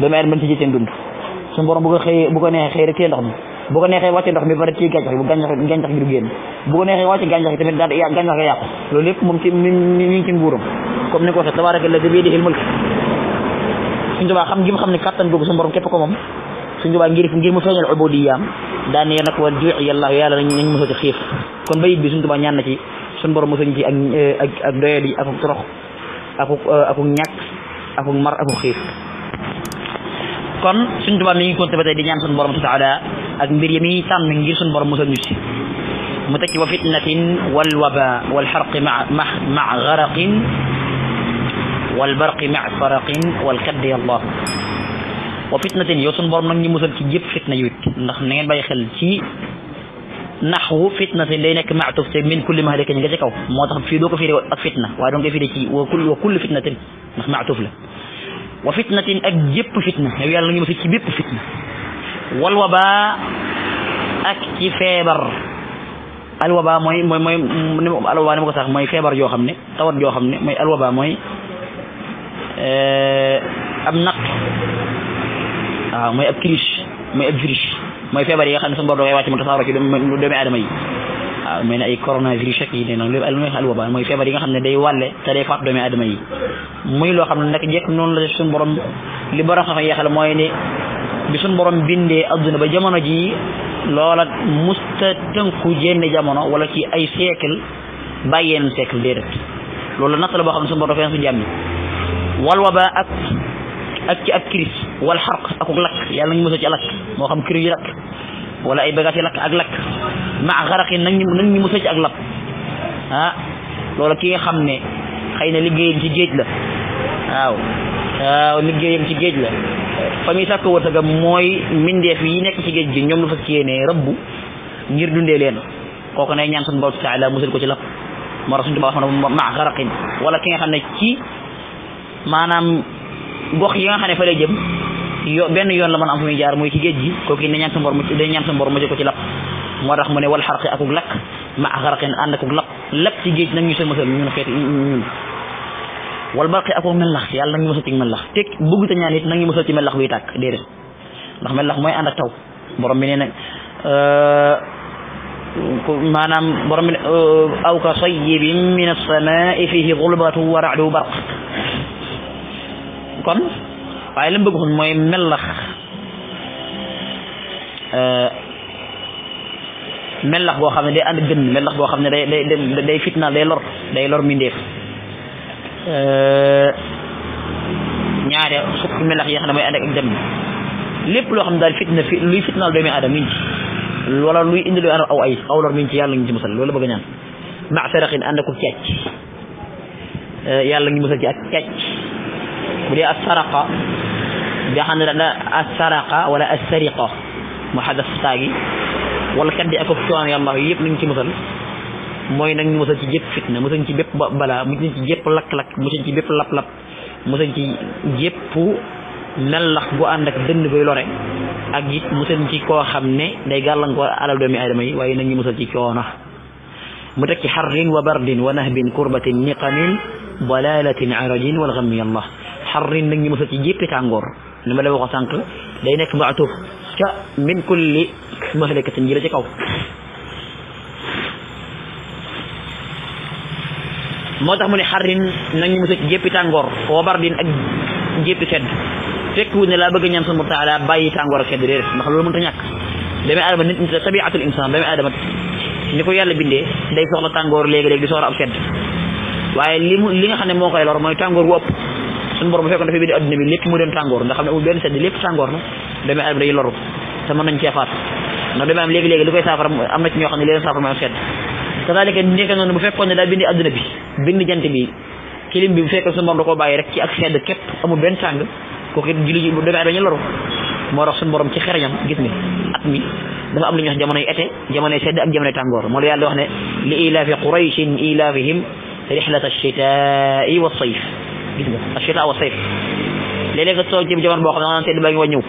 ba may mën ci seen dund suñu borom bu ko xëyee bu ko neexee xëy rek tee ndox mi bukan yang kayak dok mi berarti gajah gajah gajah gitu gen bukan yang kayak gajah itu mendar iya gajah kayak lu lihat mungkin mungkin burung kok mereka kuasa tawar ke lebih di ilmu sunjuk akam gim akam nikatan gue kesumbar kepo kamu sunjuk angiri fungir musuhnya ibu diam dan yang aku wajib ya Allah ya Allah yang musuh terkhir kon bayi bisun tu banyak nanti sunbor musuh nanti ag eh, ag ag daya di aku terok aku eh, aku nyak aku mar aku khif kon sunjuk angiri kon tiba-tiba di nyam sunbor musuh ada ak mbir yi muy tànn ngir suñ borom musa ñu mu tekki wa fitnatin wal waba wal harq ma ma garaqin wal barq ma faraqin wal kaddi allah wa fitnatin yow suñ borom nak ñi musal ci jep fitna yu ndax na ngeen baye xel ci naxwu fitnatin day nekk maatuf te min kulli mahlikatin nga ca kaw moo tax fii doo ko firee ak fitna waaye doo ko firee ci wa kull wa kull fitnatin ndax maatuf la wa fitnatin ak jëpp fitna yow yàlla ñu musal ci bépp fitna walwaba ak ci feebar alwaba mooy mooy mooy ni alwaba ni ma ko sax mooy feebar yoo xam ne tawat yoo xam ne mooy alwaba mooy eh, ab naq waaw mooy ab crise mooy ab virus mooy feebar yi nga xam ne yi waaw mel ne ay coronavirus ak yi ne noonu feebar yi nga xam ne day wàlle te day faat doomi aadama yi muy loo xam ne nag jekk noonu la suñu borom li borom xam yeexal mooy ne bisun borom binde aduna ba jamono ji lolat musta tënku jenne jamono wala ci ay siècle bayen siècle déedéet lolou natt la boo xam ne borom dafay su jàmm wal waba ak ak ci ak kris wal xarq ak lak yàlla nañu mosoo ci lak mo xam kiris yi lakk wala ay bagati lak ak lak ma xaraqi nañ ñu nañ ñu ci ak lak ah lolou ki nga xam ne xëy ci géej la waaw waaw euh, liggéeyam ci géej la fa muy sàkk wërsëgam mooy mindeef yi nekk ci géej gi ñoom la fas yéenee rabbu ngir dundee leen kooku nay ñaan sun borom taala ko ci lapp moo tax suñu tubaab wax na ma xaraqin wala ki nga xam ne ci maanaam gox yi nga xam ne fa jëm yo benn yoon la mën a am fu muy jaar mooy ci géej gi kooku dañ ñaan sun borom dañ ñaan sun borom musul ci lapp moo tax mu ne wal a akuk lakk ma xaraqin ànd akuk lapp lapp ci géej nag ñu sa mësal ñun xeet ñun wal baqiatu min lax yàlla ngi musal ci mel lax teg bëgg ta ñaan it ngi musal ci mel lax buy tàkk déedéet ndax mel lax mooy ànd ak taw borom bi nee na maanaam borom bi aw ka sayyibin min as-samaa'i fihi ghulbatu wa ra'du barq kon waaye li mu bëgg xoon mooy mel lax mel lax boo xam ne day ànd gën mel lax boo xam ne day day day fitnaal day lor day lor mindeef ñaare sukk melax yi nga xam ne mooy ànd ak dem lépp loo xam ne daal fitna fi luy fitnaal doomi aadama mi ngi ci wala luy indi lu aw ay aw lor mi ngi ci yàlla ngi ci musal loolu bëgg ñaan ma feraxin ànd ak càcc yàlla ngi musal ci ak càcc bu dee asaraqa bi xam ne da asaraqa wala asariqa mu xadas taagi wala kaddi ak coon yàlla yëpp nañ ci musal mooy nag ñu musal ci jépp fitna musal ci bépp balaa musal ci jépp lakk-lakk musal ci bépp lap-lap musal ci jépp mellax bu ànd ak dënn koy lore ak it musal ci koo xam ne day gàllankoor alal doomi aadama yi waaye nag ñu musal ci coono mu teg ci xarrin wa bardin wa nahbin kurbatin niqamin balalatin arajin wal xammi allah xarrin nag ñu musal ci jéppi tàngoor li ma la waxoon sànq day nekk maatuf ca min kulli mahlikatin ji la ci kaw moo tax mu ne xarrin nañu musa ci jéppi tàngoor wa bardin ak jéppi sedd fekk wu ne laa bëgg ñaan sunu taala bàyyi tàngoor ak sedd déedéet ndax loolu mënta ñàkk doomi aadama nit tabiatul insan ni ko yàlla bindee day soxla tàngoor léegi-léegi di soxla ab sedd waaye li mu li nga xam ne moo koy lor mooy tàngoor wu ëpp suñu borom bu fekkoon dafay bindi adduna bi lépp mu doon tàngoor nga xam ne amul benn sedd lépp tàngoor la doomi aadama day loru te mën nañ cee faat ndax doomi am léegi-léegi li koy saafara na ñoo xam ne leen kazalika nekk noonu bu fekkoon ne daa bind adduna bi bind jant bi kilim bi bu fekkoon suñu borom da koo bàyyi rek ci ak sedd képp amul benn tàng kooku it julli ji bu demee dañu loru moo tax suñu borom ci xereñam gis nga at mi dafa am lu ñuy wax jamonoy été jamonoy sedd ak jamonoy tàngoor moo la yàlla wax ne li ilaafi qurayshin ilaafihim rihlata ash-shitaa'i wa sayf gis nga ash-shitaa wa sayf léeg-léeg nga toog ci jamono boo xam ne naan sedd baa ngi wa ñëw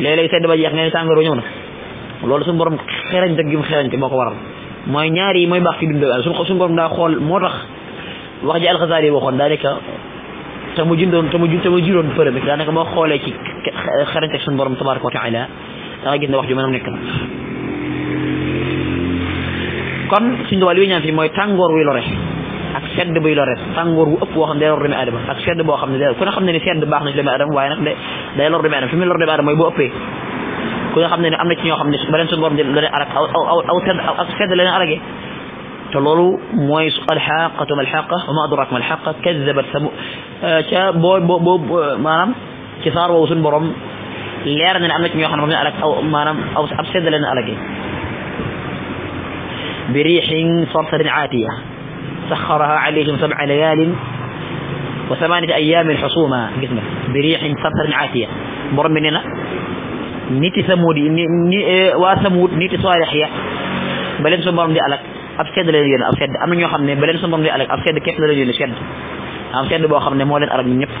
léeg-léeg sedd ba jeex nga ne tàngoor wa ñëw na loolu suñu borom xereñ dëgg gi mu xereñ moo ko waral mooy ñaar yi mooy baax ci dundal suñu suñu borom daa xool moo tax wax ji alxasaali waxoon daanaka te mu jundoon te mu te mu juróon përë bi daanaka boo xoolee ci xarañteg suñu borom tabaraka wa taala da nga gis ne wax ju mën nekk la kon suñu duwal yi ñaan fi mooy tàngoor wuy lore ak sedd buy lore tàngoor wu ëpp boo xam ne day lor ak sedd boo xam ne day ku ne xam ne ni baax na waaye nag day lor doomi aadama fi mu lor doomi aadama mooy boo ëppee ku nga xam ne am na ci ñoo xam ne ba leen suñu borom di leen arak aw aw aw tedd ak sedd la leen arage te loolu mooy alxaqatu ma alxaqa wa ma adraka ma alxaqa kadabat samu ca boo boo boo maanaam ci saar woowu suñu borom leer na ne am na ci ñoo xam ne moom leen arak aw maanaam aw ab sedd la leen arage bi riixin sarsarin aatiya saxaraha alayhim sabca layaalin wa samaaniyata ayaamin xusuuma gis nga bi riixin sarsarin aatiya borom bi nee na sa samuud yi ni ni eh, waa samuud niti saalix ya ba leen suñu borom di alak ab sedd la leen yónne ab sedd am na ñoo xam ne baleen leen suñu borom di alak ab sedd képp la leen yónne sedd am sedd boo xam ne moo leen arab ñun ñëpp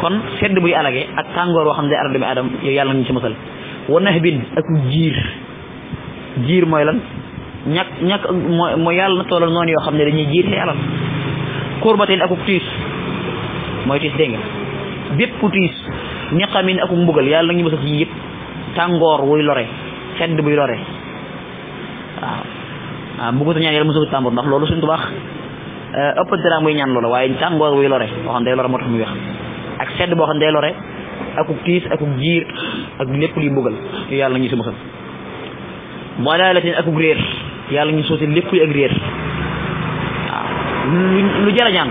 kon sedd buy alage ak tàngoor boo xam ne arab doomi adam yow yàlla nañu ci mosal wanax bin ak jiir jiir mooy lan ñàkk ñàkk mooy yàlla toolal noonu yoo xam ne dañuy jiir say alal kurbatin ak tiis mooy tiis dégg nga tiis ñaqamin ak mbugal yalla ngi mësa ci yëpp tangor wuy loré sedd buy loré ah waaw mbugu ta ñaan yalla mësa ko tàmboor ndax lolu suñu tu euh ëpp dara muy ñaan lolu waye tangor wuy loré wax xam loré lore tax muy wax ak sedd boo xam ak ku tiss ak ku giir ak lépp li mbugal yàlla ñu si musal dalalatin akuk réer yàlla ñu soosi lépp luy ak reer lu jara ñaan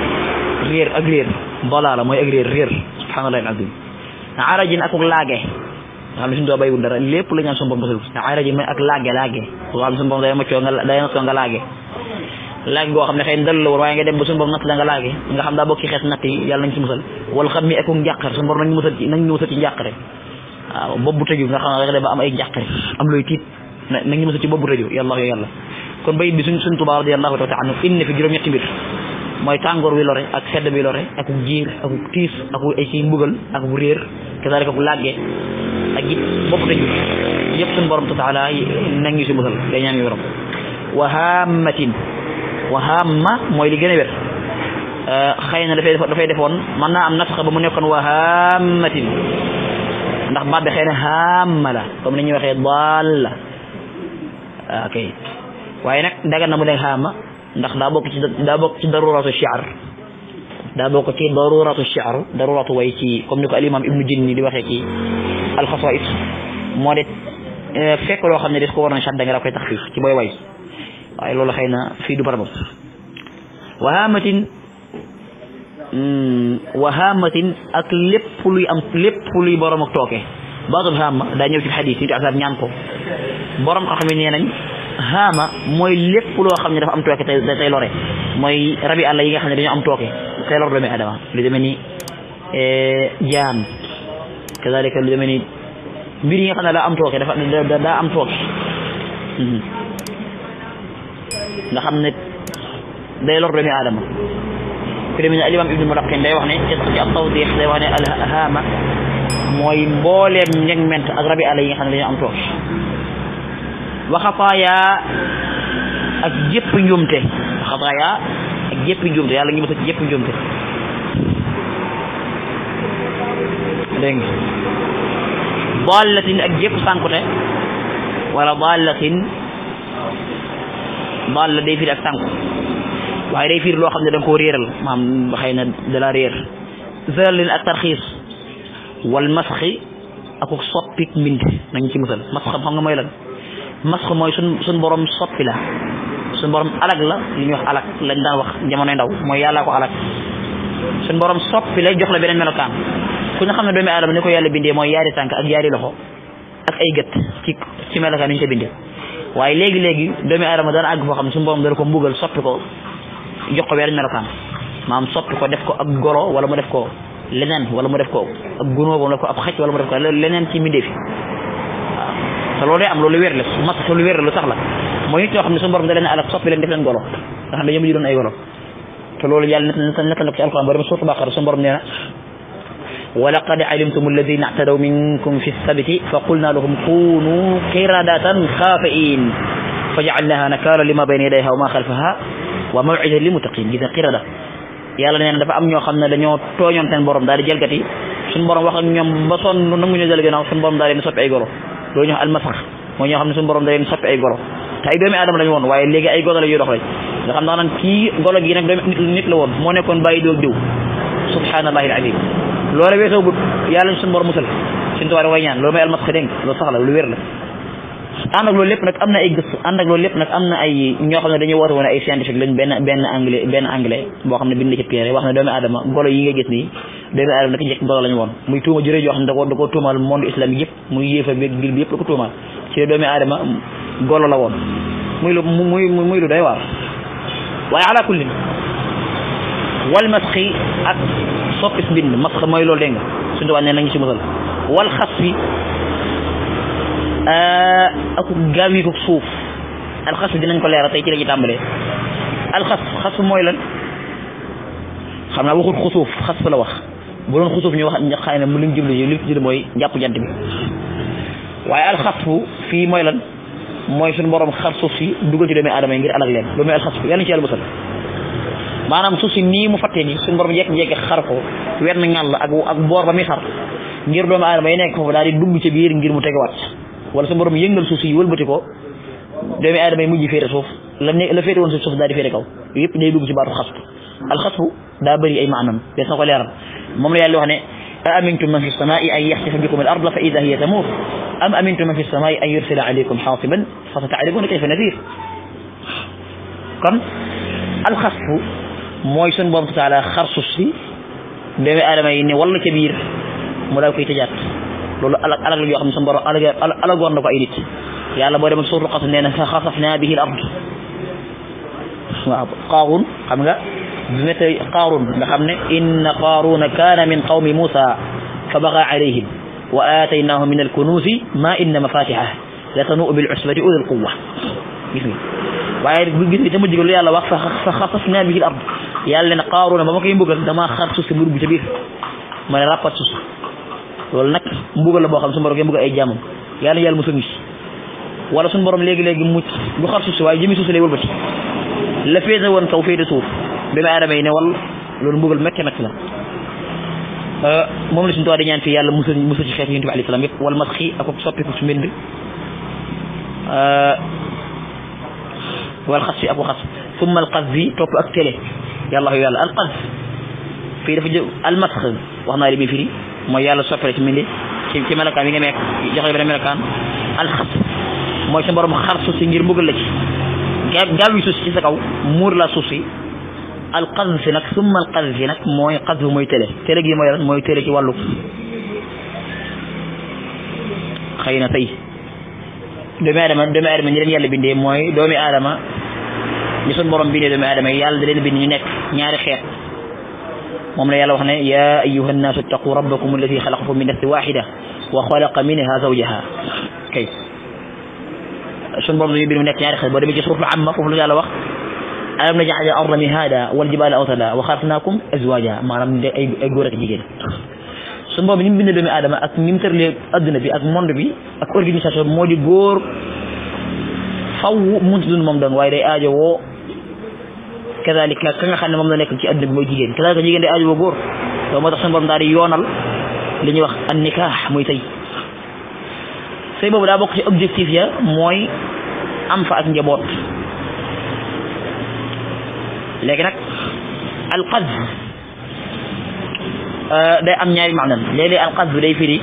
reer ak reer dalala moy ak reer reer subhanallahi alazim arajin akuk laage nga xam ne suñu doo bayiwul dara lépp la ñu am suñu borom mosul arajin mooy ak laage laage boo xam ne suñu borom day moccoo nga day nattoo nga laage laage goo xam ne xëy na dalul la woon waaye nga dem ba suñu borom natt la nga laage nga xam daa bokki xeet natt yi yàlla nañ ci musal wala xam mi akuk njàqar suñu borom nañ musal ci nañ musal ci njàqare waaw boobu tëju nga xam ne da ba am ay njàqare am looy tiit nañ musal ci boobu tëju yàlla yàlla kon bayit bi suñ suñ Tuubaa radiyallahu taala anhu indi fi juróom-ñetti mbir moy tangor wi lore ak sedd bi lore ak jiir ak tiis ak ay ci mbugal ak bu réer kasaalika ko làgge ak it bopp tëju yëpp sun borom taala nangi ci mbugal day ñaan yi borom wa hammatin wa hamma moy li wër euh xeyna da fay da fay defoon man na am nasaxa ba mu nekkon wa hammatin ndax ba de xeyna hamala comme ni na mu lay hamma ndax daa bokk ci daa bokk ci daruratu shiar daa bokk ci daruratu shiar daruratu way ci comme ni ko alimam ibnu jinni di waxee ci alxasaïs moo de eh, fekk loo xam ne des ko waroon shadda nga da koy taxfiif ci booy way waaye loolu xëy na fii du barabam wahaamatin hmm, wahaamatin ak lépp luy am lépp luy borom ak tooke baatul haama daa ñëw ci xadis ko xam xam ne nañ xaama mooy lépp loo xam ne dafa am tooke tey tey mooy rabi àlla yi nga xam ne dañoo am tooke tey lor doomi adama lu demee ni eh, jaan kazalika lu yi nga xam ne daa am tooke dafa daa am tooke mhm. nga xam ne day lor doomi adama fi demee ni alimam ibnu mulaqin day wax ne ci ab tawdix day wax ne alhaama mooy mbooleem ñeg ment ak rabi àlla yi nga xam ne dañoo am tooke وخطايا اك جيب نيومتي خطايا اك جيب نيومتي يالا نيمتا جيب نيومتي دين ضاله اك جيب سانكوتي ولا ضاله ضال دي فير اك سانكو واي دي فير لو خا نده دنجو ريرال مام خاينا دا لا رير زال الترخيص والمسخ اكو صبيك من نانجي مثال مسخ فهم ما يلان masx mooy sun suñ boroom soppi la suñ borom alag la li ñuy wax alag lañ daan wax jamonoy ndaw mooy yàllaa ko alag suñ borom soppi la jox la beneen melokaan ku ñu xam ne doomi aadama ni ko yàlla bindee mooy yaari tànk ak yaari loxo ak ay gët ci ci melokaan ni ñu ko bindee waaye léegi-léegi doomi aadama dana àgg foo xam ne suñ borom dana ko mbugal soppi jox ko beneen melokaan maam soppi ko def ko ak golo wala mu def ko leneen wala mu def ko ak gunóor wala mu def ko ab xaj wala mu def ko leneen ci mbindee fi te loolee am loolu wér la su mat su lu wér la lu sax la mooy nit ñoo xam ne suñu borom da leen alak soppi leen def leen golo nga xam ne ñoom ñu doon ay golo te loolu yàlla nettal na ko ci alquran ba dem surtu baqara suñu borom nee na ولقد علمتم الذين اعتدوا منكم في السبت فقلنا لهم كونوا قردة خافئين فجعلناها نكالا لما بين يديها وما خلفها وموعدا للمتقين gis nga qirada yàlla nee na dafa am ñoo xam ne dañoo tooñoon seen borom daal di jalgati suñu borom wax ak ñoom ba sonn nanguñu jël gannaaw suñu borom daal di soppi ay golo loo ñu wax almasax mooy ñoo xam ne suñu borom da leen soppi ay golo te ay doomi aadama lañu woon waaye léegi ay golo la yuy dox lañ nga xam naan kii golo gi nag doomi nit la woon moo nekkoon bàyyi doog diw subhanallahi alazim loola weesoo bu yàlla suñu borom musal suñu tubaab way ñaan loolu may almasax dégg loo sax la lu wér la ànd ak loolu lépp nag am na ay gëstu ànd ak lépp nag am na ay ñoo xam ne dañuy woote woon ay scientifique lañ benn benn anglais benn anglais boo xam ne bind ci téere wax ne doomu aadama golo yi nga gis nii doomu aadama woon muy tuuma jërëjëf yoo xam ne da ko da ko tuumal monde islamique yëpp muy yéefa bi gil bi la woon muy lu muy muy lu doy waar waaye ala kulli wal masxi ak soppis bind masx mooy loolu dégg nga suñu tubaab nee na wal xas bi Euh, ak gaaw yi ko suuf alxas dinañ ko leera tey ci la ñuy tàmbalee alxas xas mooy lan xam naa waxut xusuuf xas la wax bu doon xusuuf ñu wax xëy na mu luñ jublu li ci mooy jàpp jant bi fii mooy lan mooy suñu borom xar suuf si dugal ci doomi aadama yi ngir alak leen loolu mooy alxasfu yàlla ci yàlla maanaam suuf si nii mu fattee nii suñu borom jekki-jekki xar ko wenn ngàll ak ak boor ba muy xar ngir doomi aadama yi nekk foofu daal di dugg ci biir ngir mu tegewaat wala sa borom yëngal suuf si wëlbati ko doomi aadama yi mujj féete suuf la ne la féete won suuf suuf daal di féete kaw yëpp day dugg ci baatu al alxasfu da bari ay maanam des na ko leeral mom la yàlla wax ne a amintum man fi samaai ay yaxsifa bikum al ard fa idha hiya tamur am amintum man fi samaai ay yursila alaykum haasiban fa sataalamuuna kayfa nadhir kon al alxasfu moy sun borom taala xar suuf si doomi aadama yi ne wala ca biir mu daal koy tëjaat loolu alag alag yoo xam ne sa borom alag alagoon na ko ay nit yàlla boo demal suur ruqatu nee na fa xasafna bihi al ard waaw qaarun xam nga bi mette qaarun nga xam ne inna qaaruna kaana min qawmi muusa fa baga alayhim wa aataynahu min alkunuusi ma inna mafatihah la tanuu bil usbati ulil quwa gis nga waaye bu gis nga te mujj lu yàlla wax fa xasafna bihi al ard yàlla ne qaaruna ba ma koy mbugal dama xar suuf si mbir bu ca biir ma ne rappat suuf loolu nag mbugal la boo xam suñu borom ngay mbugal ay jaamam yàlla yàlla musal ñu si wala suñu borom léegi-léegi mu du xar suuf si waaye jëmi suuf si lay wëlbati la féete woon kaw féete suuf doomi aadama yi ne wal loolu mbugal metti metti la moom la suñu tuwi di ñaan fii yàlla musal musal ci xeetu yonent bi alayhi salaam yëpp wala masxi ak soppiku su mbind wal xas fi ak waxas summa al xas bi topp ak télé yàlla yàlla al xas fii dafa jë al masx wax naa li muy firi mooy yàlla soppale ci mindi ci ci melokaan yi nga nekk joxe beneen melokaan alxas mooy sa borom xar suuf si ngir mbugal la ci ga gaaw yi suuf ci sa kaw muur la suuf si alxas si nag summa alxas si mooy xas bu mooy télé gi mooy lan mooy télé ci wàllu xëy na tey doomi aadama doomi aadama ñi leen yàlla bindee mooy doomi aadama ñi sun borom bindee doomi adama yi yàlla da leen bind ñu nekk ñaari xeet ومريالو هنا يا أيها الناس اتقوا ربكم الذي خلقكم من نفس واحدة وخلق منها زوجها كي شن برضو يبين منك يعني خذ بودي بيجي صرف العم صرف الجال وقت ألم نجعل الأرض مهادا والجبال أوتلا وخلقناكم أزواجا ما رم أجورك جيجل شن برضو من من دم آدم أتمنى ترى أدنى بي أتمنى بي أكون جنسا شو موجي جور فو منتظر ممدن وايري أجا وو كذلك نا كان خا نمم لا نيك سي ادنا موي جيجين كذلك جيجين دي ادي بو غور دو ما تخ سنبام داري يونال لي ني واخ النكاح موي تاي سي بوبو دا بوك سي اوبجيكتيف يا موي ام فا اك نجبوت لكن نك القذف ا آه، داي ام نياري معنى لي لي القذف داي فيري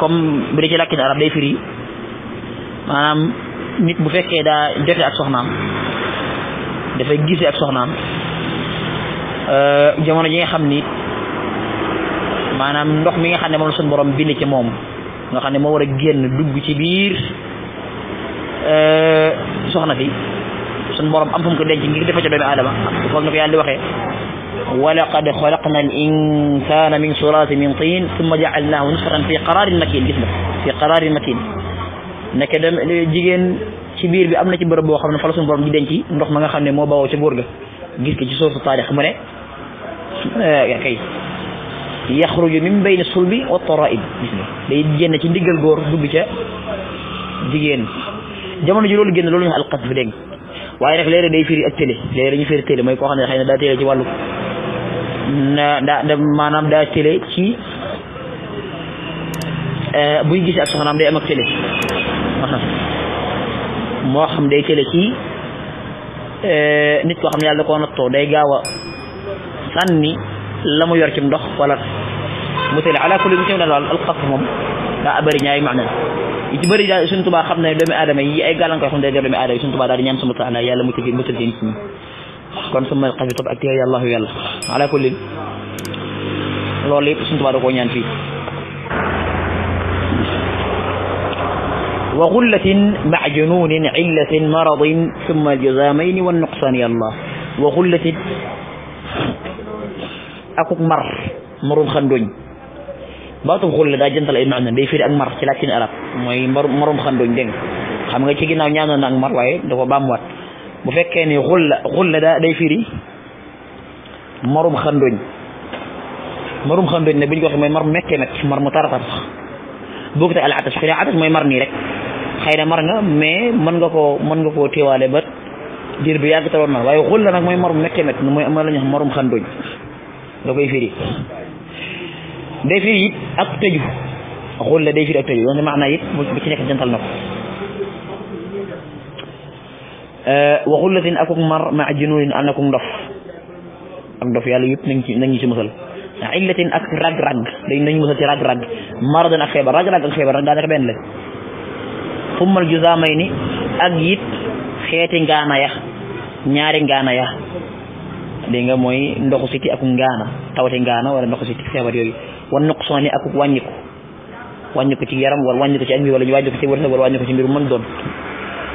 كوم بري سي لاكين عرب داي فيري مانام نيت بو فكه دا جوتي اك سخنام dafay gisee ak soxnaam jamono ji nga xam ni maanaam ndox mi nga xam ne moom la suñu borom bind ci moom nga xam ne moo war a génn dugg ci biir soxna fi suñu borom am fu mu ko denc ngir defa ci doomi aadama foog na ko yàlla di waxee ولقد خلقنا الإنسان من سلالة من طين ثم جعلناه نطفة في قرار مكين gis nga في قرار مكين nekk dem jigéen ci biir bi am na ci bërëb boo xam ne fa la suñu borom di denc ndox ma nga xam ne moo bawoo ca buur ga gis ko ci soosu taarix mu ne eh, kay yaxruju min bayni sulbi wa taraib gis nga day génn ci ndigal góor dugg ca jigéen jamono ji loolu génn loolu ñu alqas bi dégg waaye nag léeg day firi ak télé léeg ñu firi télé may koo xam ne xëy na daa télé ci wàllu na da da maanaam daa télé ci eh, buy gis ak soxnaam day am ak télé moo xam day tële ci eh, nit koo xam ne yàlla da koo nattoo day gaaw a sànni la mu yor ci ndox wala mu tële ala kulli musim daal alxasr moom daa bëri ñaari maana yi ci bëri daal suñ xam na doomi aadama yi ay gàllankoor xam ne day doomi aadama yi suñ tubaa daal ñaan sama taala yàlla mu tëgg mu nit ñi kon sama xafi topp ak téye yàlla yàlla ala kulli loolu yëpp suñ tubaa da ñaan fii وغلة مع جنون علة مرض ثم الجزامين والنقصان يا الله وغلة أكوك مر مرون خندون باتو غلة دا جنتل اي معنى بيفير أن مر تلاتين أرب مرون خندون دين خامنا تيجي ناو نيانو نان مر وي دوكو باموات مفكيني غلة غلة دا بيفيري مرون خندون مرون خندون نبيل جوخي مر مكة مر مطارطة بوكتا العطش خلي عطش مي مرني رك xëy na mar nga mais mën nga koo mën nga koo téewaale ba diir bi yàgg taloon na waaye xul la nag mooy marum métti métti mooy amal la ñu xam marum xanduñ nga koy firi day firi it ak tëju xul la day firi ak tëju donc maanaam it ci nekk jantal na euh, ak wa xullatin akuk mar ma junuunin ànd akuk ndof ak ndof yàlla yëpp nañ na nañ ñu ci musal illatin ak rag-rag dañ nañ musal ci rag-rag maradan ak xeebar rag-rag ak xeebar daanaka benn la xummal jusaamay ni ak it xeeti ngaana ya ñaari ngaana ya dégg nga mooy ndoxu siti ak ngaana tawati ngaana wala ndoxu siti feebar yooyu wan nuqsaan ak wàññiku wàññiku ci yaram wala wàññiku ci ak mbir wala ñu wàññiku ci wërsëg ci mbir mën doon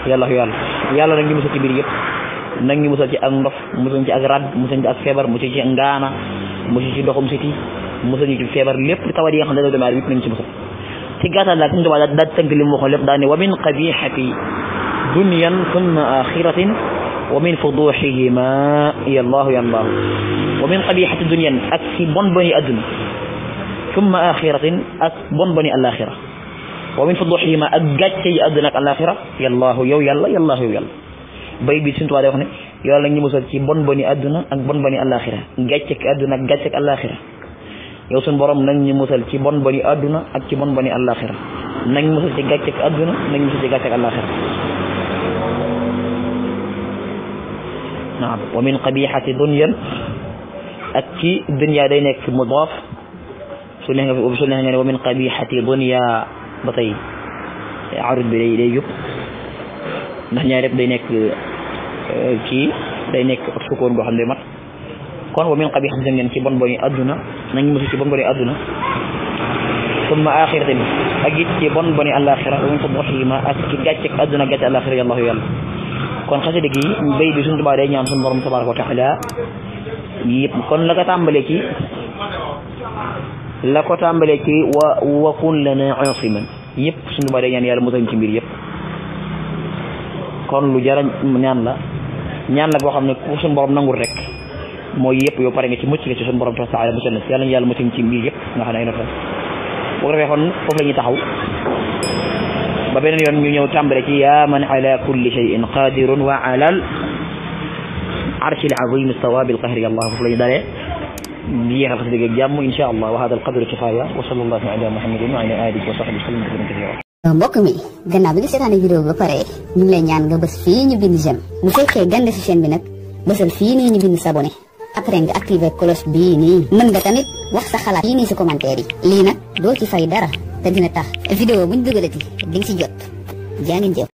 yàlla yàlla yàlla nag ñu ci mbir yëpp ñu musal ci ak ndof musal ci ak rad musal ci ak feebar musal ci ngaana musal ci ndoxum siti musal ñu ci feebar lépp tawat ya nga xam ne doomu aadama yëpp nañ ci musal ci gàttal daal suñu tubaab daal tënk li mu waxoon lépp daal ne wa min qabixati dunyan summa axiratin wa min fuduxihima yallahu yallahu wa min qabixati dunyan ak ci bon boni adduna summa axiratin ak bon boni alaxira wa min fuduxihima ak gàcce yi adduna ak alaxira yallahu yow yàlla yallahu yow yàlla bay bi suñu tubaab day wax ne yàlla ñu musal ci bon boni adduna ak bon boni alaxira gàcce ak adduna ak gàcce ak alaxira yow suñu borom nag ñu musal ci bon boni àdduna ak ci bon boni àllaaxira nag ñu musal ci gàcceeg àdduna nag ñu musal ci gàcceeg àllaaxira naam wa min qabixati dunyan ak ci dunya day nekk mudaaf su neex nga wa min qabixati dunya ba tey arut bi day day yëpp ndax ñaar yëpp day nekk day nekk ak sukkoon boo xam ne kon wa min qabih gis ngeen ci bon boni adduna nañ mosu ci bon boni adduna summa axirati bi ak it ci bon boni alaxira wa min sabxima ak ci gàcceg adduna gàcce alaxira yàlla yàlla kon xasida bay bi suñu tubaa day ñaan borom tabaraka wa taala kon la ko tàmbalee ci la ko tàmbalee wa wa kun lana asiman yëpp suñu tubaa day ñaan yàlla mosañ ci mbir yëpp kon lu jara ñaan la ñaan la boo xam ne ku suñu borom nangul rek mooy yëpp yow pare nga ci mucc nga ci suñu borom tax taala musal na si yàlla ñu yàlla mucc ci mbir yëpp nga xam ne ay notas boo ko defee kon foofu la ñuy taxaw ba beneen yoon ñu ñëw tàmbale ci yaa man ala kulli shay'in qadirun wa alal arshil azim istawa bil qahri allah foofu la ñu dalee di yeexal xas dëgg ak jàmm insha allah wa hada al qadru kifaya wa sallallahu ala muhammadin wa ala alihi wa sahbihi wa sallam tasliman kathiran mbokk mi gannaaw bi nga seetaane vidéo bi ba pare ñu ngi lay ñaan nga bës fii ñu bind jëm bu fekkee gande si chaîne bi nag bësal fii nii ñu bind s'abonné après nga activer cloche bii nii mën nga tamit wax sa xalaat yii nii si commentaire yi lii nag ci di nga jot jangan jauh